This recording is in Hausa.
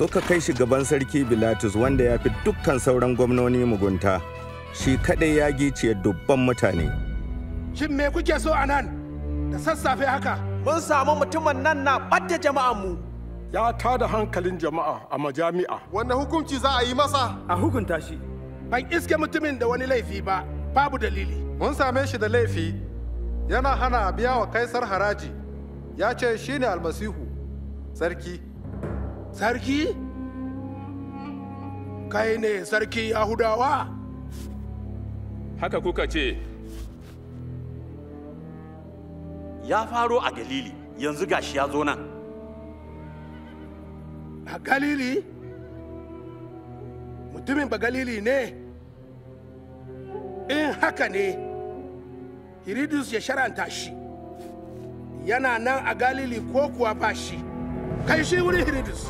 suka kai shi gaban sarki Bilatus wanda ya fi dukkan sauran gwamnoni mugunta, shi kaɗai ya giciye dubban mutane. Shin me kuke so a nan da sassafe haka? Mun samu mutumin nan na ɓadda jama'anmu. Ya tada hankalin jama'a a majami'a. Wanda hukunci za a yi masa? A hukunta shi. Ban iske mutumin da wani laifi ba, babu dalili. Mun same shi da laifi, yana hana biya wa kaisar haraji, ya ce shine almasihu, sarki. Sarki? Kai ne sarki Yahudawa? Haka kuka ce, Ya faro a Galili, yanzu gashi ya zo nan. A Galili? Mutumin ba Galili ne? In haka ne, Hiridus ya sharanta shi, yana nan a Galili ko kuwa ba shi. Kayseri oraya gireriz.